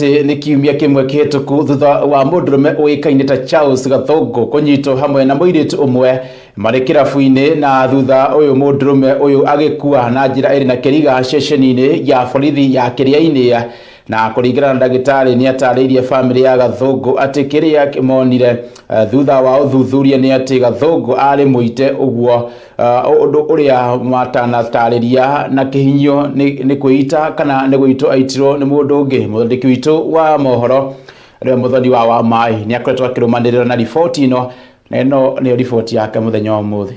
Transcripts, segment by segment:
ni kiumia kimwe kihituku thutha wa mundurume uikaine ta Charles kå kunyitwo hamwe na muiritu umwe mari kirabu-ini na thutha å yå agä kua na ä rä na keriga ceceni inä ya borithi ya kiria-ini na kuringana na ndagitari ni atariirie family ya gathungu ati kiria kimonire uh, eh, thutha wa uthuthuria ni ati gathungu ari muite uguo undu eh, uh, uria matanatariria na kihinyo ni kwita kana ni gwitwo aitirwo ni mundu ungi muthondeki witu wa mohoro riwe eh, muthoni wa wa mai ni akoretwo akirumanirira na riboti ino na ino niyo riboti yake muthenya wa umuthi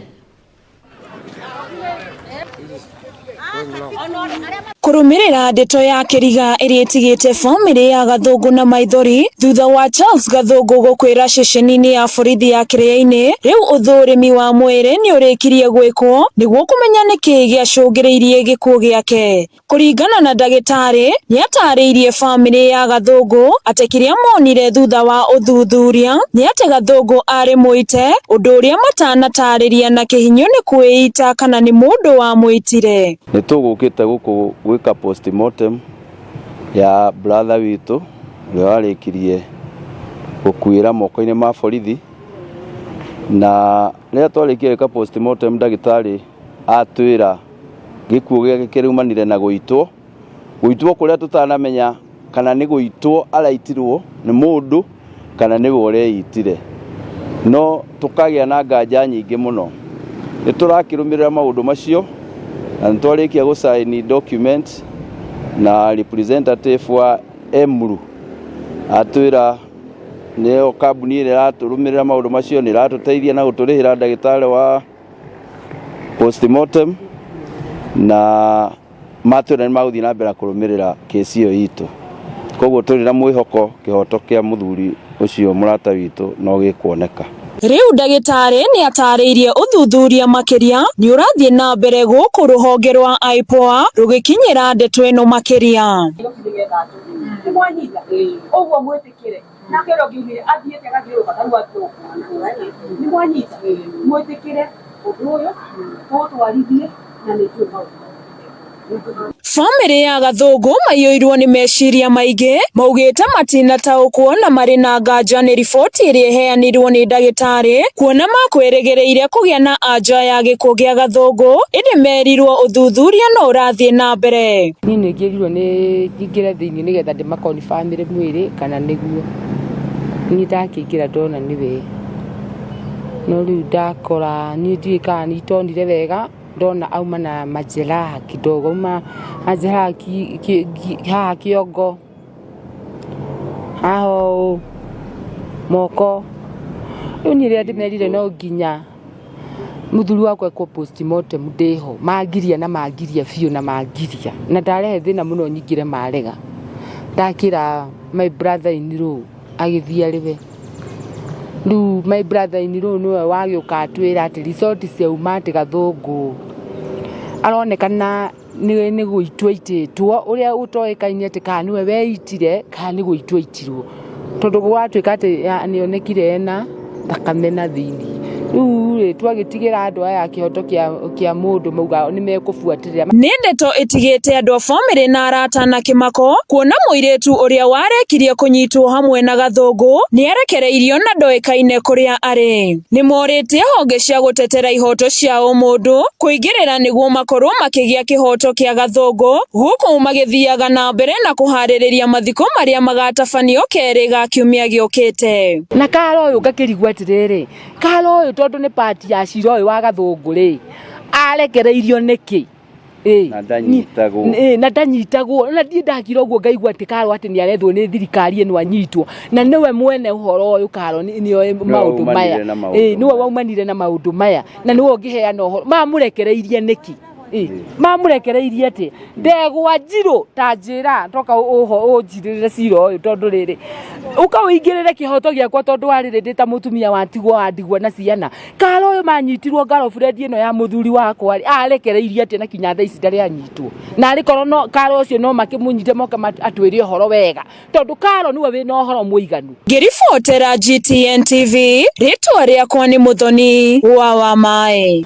kurumirira ndeto ya kiriga iria itigite famiri ya gathungu na maithori thutha wa Charles gathungu gukwira ceceni-ini ya borithi ya kiria-ini riu uthurimi wa mwiri ni urikirie gwikwo niguo kumenya niki giacungiriirie gikuo giake kuringana na ndagitari niatariirie famiri ya gathungu ati kiria monire thutha wa uthuthuria ni ati gathungu ari mwite undu uria matanatariria na kihinyo ni kwiita kana ni mundu wa mwitire ni tugukite guku tweka postmortem ya brother witu uria warikirie gukuira moko-ini ma borithi na riria twarikire ka postmortem ndagitari atwira gikuo giake kiriumanire na guitwo guitwo kuria tutanamenya kana ni guitwo araitirwo ni mundu kana ni we ureitire no tukagia na nganja nyingi muno turakirumirira maundu macio Anatoliki yakosaini document na representative wa emru atwira neo kabuni ile raturumirira maundu macio ni ratuteithia na guturihira ndagitari wa postmortem na matwira ni maguthii na mbere kurumirira kesi iyo itu koguo turi na mwihoko kihooto kia muthuri ucio murata witu no gikuoneka Riu ndagĩtarĩ nĩatarĩirie ũthuthuria makĩria nĩũrathiĩ na mbere gũkũ rũhonge rwa IPOA rũgĩkinyĩra ndeto ĩno makĩria na nĩ mwanyita mwĩtĩkĩre ũndũ ũyũ tũtwarithie na nĩ bamä rä ya gathå ngå maiyå irwo nä meciria maingä maugä te matina taå kuona marä na nganjanär ä rä a ä heanärwo nä ndagä tarä kuona makwä rä gä rä ire kå gä a na anja ya gä kå gä a gathå ngå ä dä merirwo å thuthuria no å rathiä nambere niä nä ngä rirwo nä ingä rethä inä nä getha ndä makoni bamä rä mwä rä kana nä guo nä ndakä ingä ra ndona nä we norä u ndakora nä ndiä kaga nä itonire wega ndona auma na majeraha kidogo, auma majeraha ki, ki, ki, haha kiongo, aho moko. Riu ni ria ndimerire no nginya muthuri wakwa ekwo postmortem ndiho magiria na magiria fio na magiria na ndarehe thĩna muno nyingĩre marega ndakĩra my brother in law agithia arĩwe rĩu my brother in law nĩwe wagĩũka atwĩra atĩ resort ciauma umate gathungu aronekana nä gå itua two å rä a å toäkaine atä kana nä we weitire kana nä gå itua itirwo tondå gwatuä ka atä nä onekire ena thakame na thĩinĩ riu rä twagätigä andå aya kä hoto kä mundu mauga nä mekåbuatärä nä ndeto ä te andå a bamä na arata na kä mako kuona må tu å rä a warekirie kå nyitwo hamwe na gathångå nä arekereirio na ndoäkaine kå rä a arä nä morä tie honge cia gå tetera ihoto cia å må ndå kå ingä rä ra nä guo makorwo makä gä a kä hoto kä a gathångå magä thiaga na mbere na kå harä rä ria mathiko marä a magatabanio kerä ga kiumia gä å kä te na karo å yå ngakä rigwo atä rä rä karo å yå tondu ni part ya cira wa gathungu ri arekereirio niki na ndanyitagwo na ndiä ndakira å guo ngaigua atä karo atä nä arethwo nä thirikari ä no anyitwo na nä we mwene å horo å yå karo maå ndå maya nä we waumanire na maå ndå maya na nä we å ngä heana å horo mamå rekereirie nä kä mamurekereirie atä ndegwa njirå ta njä ra toka å njirä rä cira å yå tondå rä rä å ka å ingä rä re kä hoto gä akwa tondå wa rä rä ndä ta må tumia watigwo wandigwo na ciana kara å yå manyitirwo ngaro fredi ä no ya må thuri wakwarä arekereirie atä na kinya tha ici ndarä anyitwo narä korwo kara å cio no makä må nyite moke atwä re å horo wega tondå karo nä we wä na å horo må iganu ngä ribotera GTN TV rä twa rä akwa nä må thoni wa wa maä